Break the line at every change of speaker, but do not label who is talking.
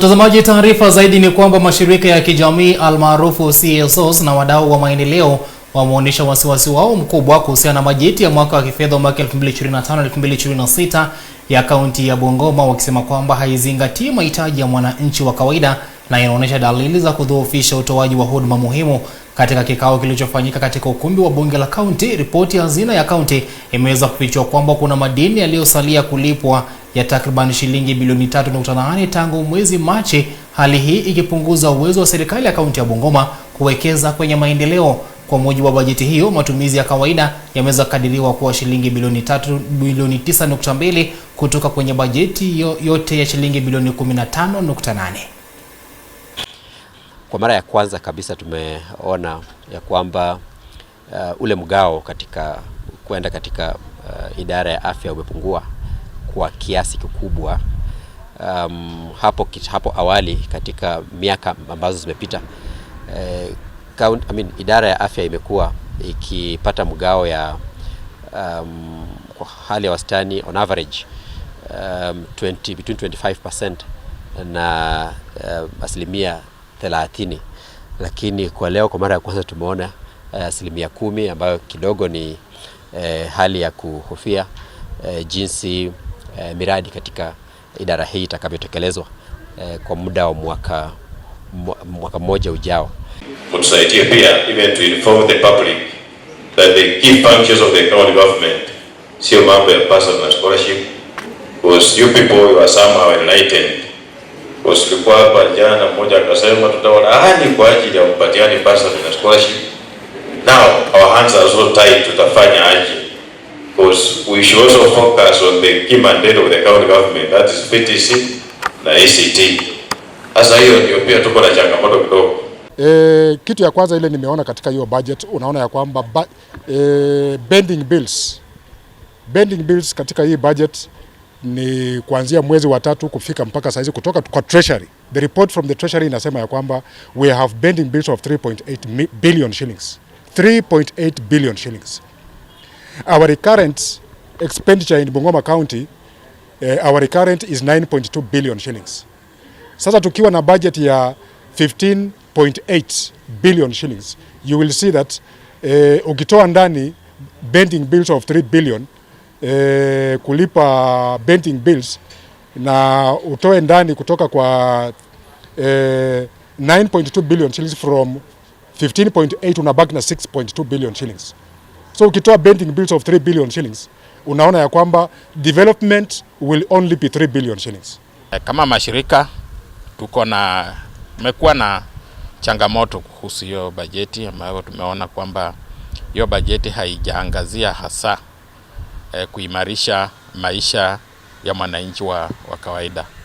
Mtazamaji, taarifa zaidi ni kwamba mashirika ya kijamii almaarufu CSOs na wadau wa maendeleo wameonyesha wasiwasi wao mkubwa kuhusiana na bajeti ya mwaka wa kifedha mwaka 2025/2026 ya kaunti ya Bungoma, wakisema kwamba haizingatii mahitaji ya mwananchi wa kawaida na inaonyesha dalili za kudhoofisha utoaji wa huduma muhimu katika kikao kilichofanyika katika ukumbi wa bunge la kaunti, ripoti ya hazina ya kaunti imeweza kufichua kwamba kuna madeni yaliyosalia kulipwa ya takriban shilingi bilioni 3.8 tangu mwezi Machi, hali hii ikipunguza uwezo wa serikali ya kaunti ya Bungoma kuwekeza kwenye maendeleo. Kwa mujibu wa bajeti hiyo, matumizi ya kawaida yameweza kadiriwa kuwa shilingi bilioni 3 bilioni 9.2 kutoka kwenye bajeti yote ya shilingi bilioni 15.8.
Kwa mara ya kwanza kabisa tumeona ya kwamba uh, ule mgao katika kwenda katika uh, idara ya afya umepungua kwa kiasi kikubwa. Um, hapo, hapo awali katika miaka ambazo zimepita eh, I mean, idara ya afya imekuwa ikipata mgao ya um, kwa hali ya wastani on average um, 20, between 25% na uh, asilimia thelathini, lakini kwa leo kwa mara ya kwanza tumeona eh, asilimia uh, kumi ambayo kidogo ni uh, hali ya kuhofia uh, jinsi uh, miradi katika idara hii itakavyotekelezwa uh, kwa muda wa mwaka mwaka mmoja ujao.
Mtusaidie pia even to inform the public that the key functions of the county government sio mambo ya personal scholarship because you people you are somehow enlightened Wasilikuwa hapa jana, mmoja akasema tutawalaani kwa ajili ya kupatiani pasa na scholarship. Now our hands are so tight, tutafanya aje? Because we should also focus on the key mandate of the county government that is PTC na ACT. E Sasa hiyo ndio pia tuko na changamoto kidogo.
E, kitu ya kwanza ile nimeona katika hiyo budget unaona ya kwamba ba, e, bending bills bending bills katika hii budget ni kuanzia mwezi wa tatu kufika mpaka saizi kutoka kwa treasury. The report from the treasury inasema ya kwamba we have pending bills of 3.8 billion shillings. 3.8 billion shillings. Our recurrent expenditure in Bungoma County, uh, our recurrent is 9.2 billion shillings. Sasa tukiwa na budget ya 15.8 billion shillings, you will see that uh, ukitoa ndani pending bills of 3 billion e, kulipa betting bills na utoe ndani kutoka kwa eh, e, 9.2 billion shillings from 15.8 unabaki na 6.2 billion shillings. So ukitoa betting bills of 3 billion shillings unaona ya kwamba development will only be 3 billion shillings.
Eh, kama mashirika tuko na tumekuwa na changamoto kuhusu hiyo bajeti ambayo tumeona kwamba hiyo bajeti haijaangazia hasa eh, kuimarisha maisha ya mwananchi wa, wa kawaida.